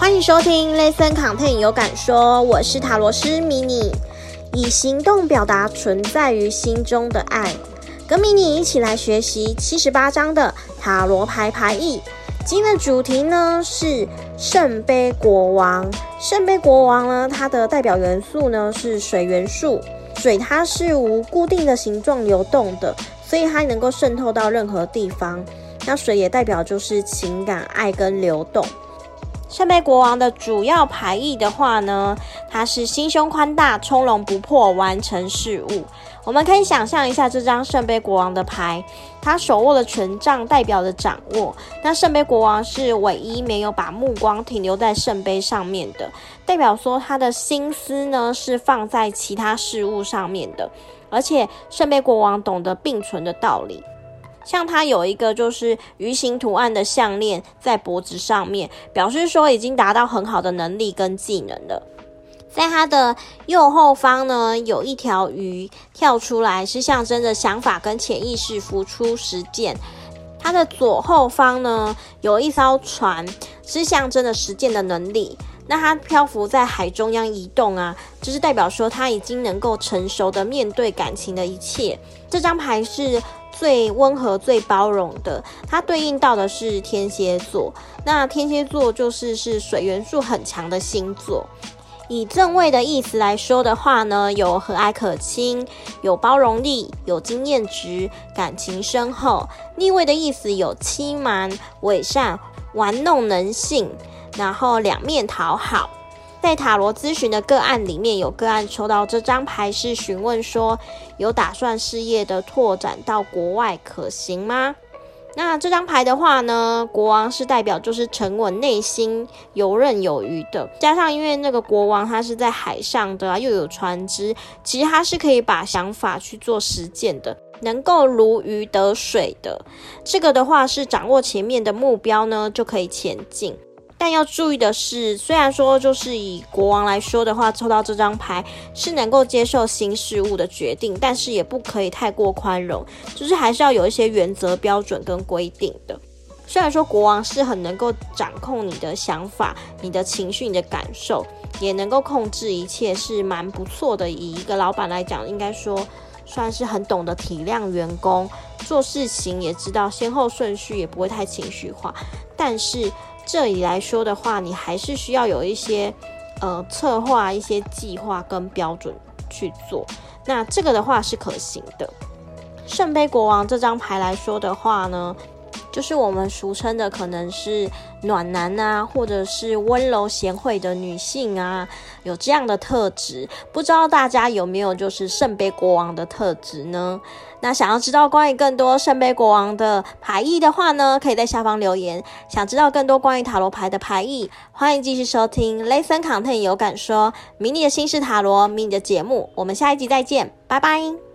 歡迎收聽《Listen Content 有感說》，我是塔羅師迷你，以行動表達存在於心中的愛。跟迷你一起來學習七十八張的塔羅牌牌意。今天的主題呢是聖杯國王。聖杯國王呢，它的代表元素呢是水元素。水它是無固定的形狀，流動的，所以它能夠滲透到任何地方。那水也代表就是情感、愛跟流動。聖杯國王的主要牌意的話呢，他是心胸寬大、從容不迫、完成事物。我們可以想象一下這張聖杯國王的牌，他手握了權杖代表著掌握，那聖杯國王是唯一沒有把目光停留在聖杯上面的，代表說他的心思呢是放在其他事物上面的，而且聖杯國王懂得並存的道理。像它有一個就是魚形圖案的項鏈在脖子上面，表示說已經達到很好的能力跟技能了。在它的右後方呢，有一條魚跳出來，是象徵着想法跟潛意識浮出實踐。它的左後方呢，有一艘船，是象徵着實踐的能力。那它漂浮在海中央移動啊，就是代表說它已經能夠成熟的面對感情的一切。這張牌是最溫和、最包容的，它對應到的是天蠍座。那天蠍座就是是水元素很強的星座。以正位的意思來說的話呢，有和藹可親、有包容力、有經驗值、感情深厚。逆位的意思有欺瞞、偽善、玩弄人性，然後兩面討好。在塔羅諮詢的個案裡面，有個案抽到這張牌是詢問說，有打算事業的拓展到國外可行嗎？那這張牌的話呢，國王是代表就是沉穩、內心游刃有餘的，加上因為那個國王他是在海上的啊，又有船隻，其實他是可以把想法去做實踐的，能夠如魚得水的。這個的話是掌握前面的目標呢，就可以前進。但要注意的是，雖然說就是以國王來說的話，抽到這張牌是能夠接受新事物的決定，但是也不可以太過寬容，就是還是要有一些原則、標準跟規定的。雖然說國王是很能夠掌控你的想法、你的情緒、你的感受，也能夠控制一切，是蠻不錯的。以一個老闆來講，應該說算是很懂得體諒員工，做事情也知道先後順序，也不會太情緒化，但是。這裡來說的話，你還是需要有一些，呃，策劃一些計劃跟標準去做。那這個的話是可行的。聖杯國王這張牌來說的話呢，就是我們俗稱的，可能是暖男啊，或者是溫柔賢惠的女性啊，有這樣的特質。不知道大家有沒有就是聖杯國王的特質呢？那想要知道關於更多聖杯國王的牌意的話呢，可以在下方留言。想知道更多關於塔羅牌的牌意，歡迎繼續收聽 ListenContent 有感說迷你的心事塔羅迷你的節目。我們下一集再見，拜拜。